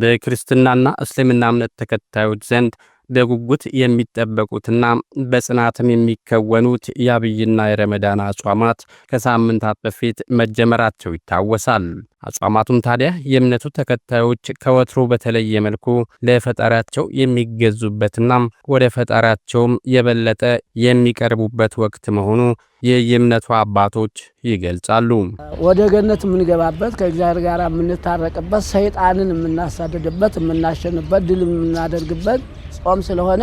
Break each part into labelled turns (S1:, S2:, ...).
S1: በክርስትናና እስልምና እምነት ተከታዮች ዘንድ በጉጉት የሚጠበቁትና በጽናትም የሚከወኑት የአብይና የረመዳን አጽዋማት ከሳምንታት በፊት መጀመራቸው ይታወሳል። አጽዋማቱም ታዲያ የእምነቱ ተከታዮች ከወትሮ በተለየ መልኩ ለፈጣሪያቸው የሚገዙበትና ወደ ፈጣሪያቸውም የበለጠ የሚቀርቡበት ወቅት መሆኑ የእምነቱ አባቶች ይገልጻሉ።
S2: ወደ ገነት የምንገባበት ከእግዚአብሔር ጋር የምንታረቅበት፣ ሰይጣንን የምናሳድድበት የምናሸንበት፣ ድል የምናደርግበት ጾም ስለሆነ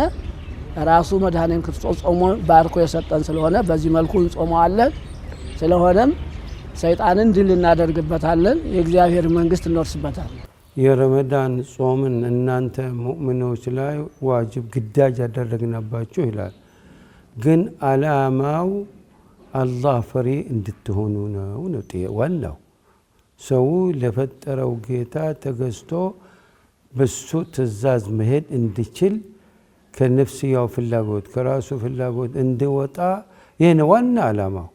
S2: ራሱ መድኃኔዓለም ክርስቶስ ጾሞ ባርኮ የሰጠን ስለሆነ በዚህ መልኩ እንጾመዋለን። ስለሆነም ሰይጣንን ድል እናደርግበታለን። የእግዚአብሔር መንግስት እንወርስበታለን።
S3: የረመዳን ጾምን እናንተ ሙእምኖች ላይ ዋጅብ ግዳጅ ያደረግናባችሁ ይላል። ግን አላማው አላህ ፈሪ እንድትሆኑ ነው ነው ዋናው። ሰው ለፈጠረው ጌታ ተገዝቶ በሱ ትእዛዝ መሄድ እንዲችል ከነፍስያው ፍላጎት ከራሱ ፍላጎት እንዲወጣ ይህን ዋና አላማው።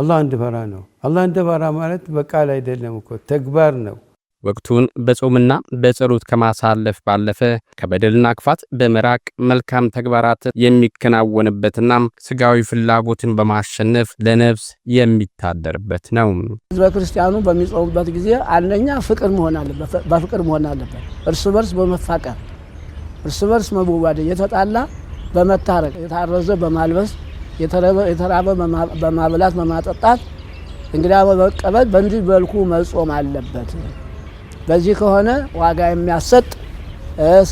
S3: አላህ እንድፈራ ነው። አላህ እንድፈራ ማለት በቃል አይደለም እኮ ተግባር ነው።
S1: ወቅቱን በጾምና በጸሎት ከማሳለፍ ባለፈ ከበደልና ክፋት በመራቅ መልካም ተግባራት የሚከናወንበትና ስጋዊ ፍላጎትን በማሸነፍ ለነፍስ የሚታደርበት ነው።
S2: ህዝበ ክርስቲያኑ በሚጾሙበት ጊዜ አንደኛ ፍቅር መሆን አለበት፣ በፍቅር መሆን አለበት። እርስ በርስ በመፋቀር እርስ በርስ መዋደድ፣ የተጣላ በመታረቅ የታረዘ በማልበስ የተራበ በማብላት በማጠጣት እንግዳ በመቀበል በእንዲህ መልኩ መጾም አለበት። በዚህ ከሆነ ዋጋ የሚያሰጥ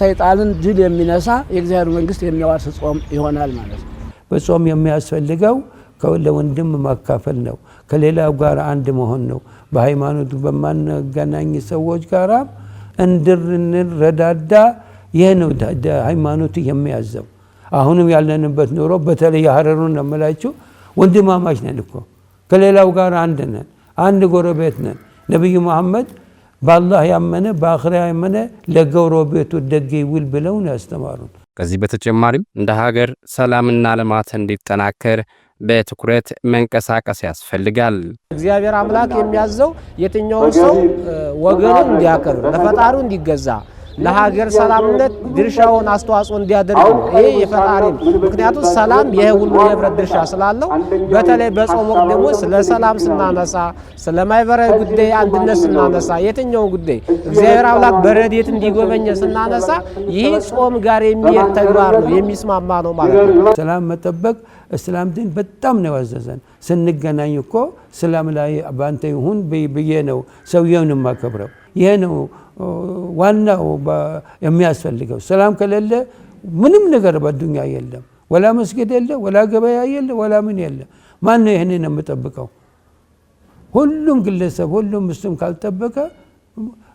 S2: ሰይጣንን ድል የሚነሳ የእግዚአብሔር መንግስት የሚያዋርስ ጾም ይሆናል ማለት ነው።
S3: በጾም የሚያስፈልገው ለወንድም ማካፈል ነው። ከሌላው ጋር አንድ መሆን ነው። በሃይማኖት በማንገናኝ ሰዎች ጋራ እንድንረዳዳ ይህ ነው ሃይማኖቱ የሚያዘው። አሁንም ያለንበት ኑሮ በተለይ የሀረሩን ለመላችሁ ወንድማማች ነን እኮ ከሌላው ጋር አንድ ነን፣ አንድ ጎረቤት ነን። ነቢዩ መሐመድ በአላህ ያመነ በአኽራ ያመነ ለጎረቤቱ ደግ ይውል ብለው ነው ያስተማሩን።
S1: ከዚህ በተጨማሪም እንደ ሀገር ሰላምና ልማት እንዲጠናከር በትኩረት መንቀሳቀስ ያስፈልጋል።
S2: እግዚአብሔር አምላክ የሚያዘው የትኛውን ሰው ወገኑ እንዲያከብር ለፈጣሪው እንዲገዛ ለሀገር ሰላምነት ድርሻውን አስተዋጽኦ እንዲያደርግ ነው። ይሄ የፈጣሪ ምክንያቱም ሰላም የሁሉ የህብረት ድርሻ ስላለው፣ በተለይ በጾም ወቅት ደግሞ ስለ ሰላም ስናነሳ፣ ስለ ማህበራዊ ጉዳይ አንድነት ስናነሳ፣ የትኛውን ጉዳይ እግዚአብሔር አምላክ በረዴት እንዲጎበኘ ስናነሳ፣ ይህ ጾም ጋር የሚሄድ ተግባር ነው፣ የሚስማማ ነው ማለት
S3: ነው። ሰላም መጠበቅ እስላም ዲን በጣም ነው ያዘዘን። ስንገናኝ እኮ ሰላም ላይ በአንተ ይሁን ብዬ ነው ሰውየውን የማከብረው። ይሄ ነው ዋናው የሚያስፈልገው። ሰላም ከሌለ ምንም ነገር በዱኛ የለም። ወላ መስጊድ የለ፣ ወላ ገበያ የለ፣ ወላ ምን የለ። ማን ነው ይህንን የምጠብቀው? ሁሉም ግለሰብ ሁሉም ምስሉም ካልጠበቀ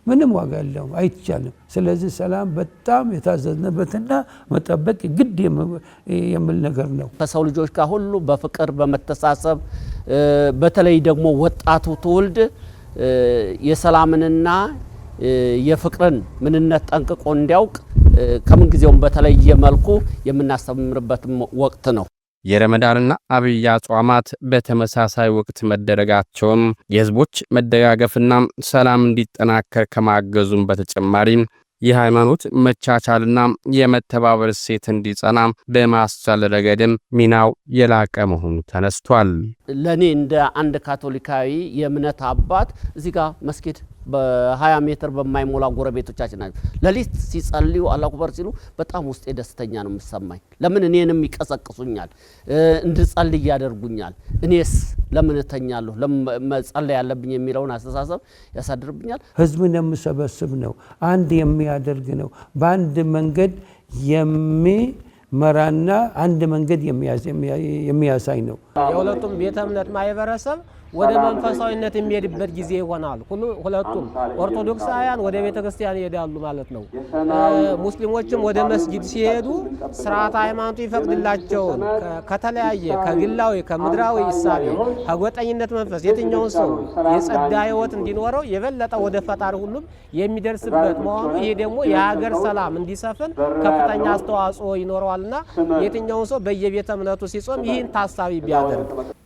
S3: ምንም ዋጋ የለውም፣ አይቻልም። ስለዚህ ሰላም በጣም የታዘዝንበትና መጠበቅ ግድ የሚል ነገር ነው።
S2: ከሰው ልጆች ጋር ሁሉ በፍቅር በመተሳሰብ በተለይ ደግሞ ወጣቱ ትውልድ የሰላምንና የፍቅርን ምንነት ጠንቅቆ እንዲያውቅ ከምንጊዜውም በተለየ መልኩ የምናስተምርበትም ወቅት ነው።
S1: የረመዳንና አብይ አጽዋማት በተመሳሳይ ወቅት መደረጋቸውም የህዝቦች መደጋገፍና ሰላም እንዲጠናከር ከማገዙም በተጨማሪ የሃይማኖት መቻቻልና የመተባበር እሴት እንዲጸና በማስቻል ረገድም ሚናው የላቀ መሆኑ ተነስቷል።
S2: ለእኔ እንደ አንድ ካቶሊካዊ የእምነት አባት እዚህ ጋር መስጊድ በሃያ ሜትር በማይሞላ ጎረቤቶቻችን ናቸው። ለሊት ሲጸልዩ አላኩበር ሲሉ በጣም ውስጤ ደስተኛ ነው የምሰማኝ። ለምን እኔንም ይቀሰቅሱኛል፣ እንድጸልይ ያደርጉኛል። እኔስ ለምን እተኛለሁ? መጸለይ ያለብኝ የሚለውን አስተሳሰብ ያሳድርብኛል።
S3: ህዝብን የምሰበስብ ነው፣ አንድ የሚያደርግ ነው፣ በአንድ መንገድ የሚ መራና አንድ መንገድ የሚያሳይ ነው።
S2: የሁለቱም ቤተ እምነት ማህበረሰብ ወደ መንፈሳዊነት የሚሄድበት ጊዜ ይሆናል። ሁለቱም ኦርቶዶክሳውያን ወደ ቤተ ክርስቲያን ይሄዳሉ ማለት ነው። ሙስሊሞችም ወደ መስጊድ ሲሄዱ ስርዓት ሃይማኖቱ ይፈቅድላቸውን ከተለያየ ከግላዊ ከምድራዊ እሳቤ ከጎጠኝነት መንፈስ የትኛውን ሰው የጸዳ ህይወት እንዲኖረው የበለጠ ወደ ፈጣሪ ሁሉም የሚደርስበት መሆኑ ይሄ ደግሞ የሀገር ሰላም እንዲሰፍን ከፍተኛ አስተዋጽኦ ይኖረዋልና የትኛውን ሰው በየቤተ እምነቱ ሲጾም ይህን ታሳቢ ቢያደርግ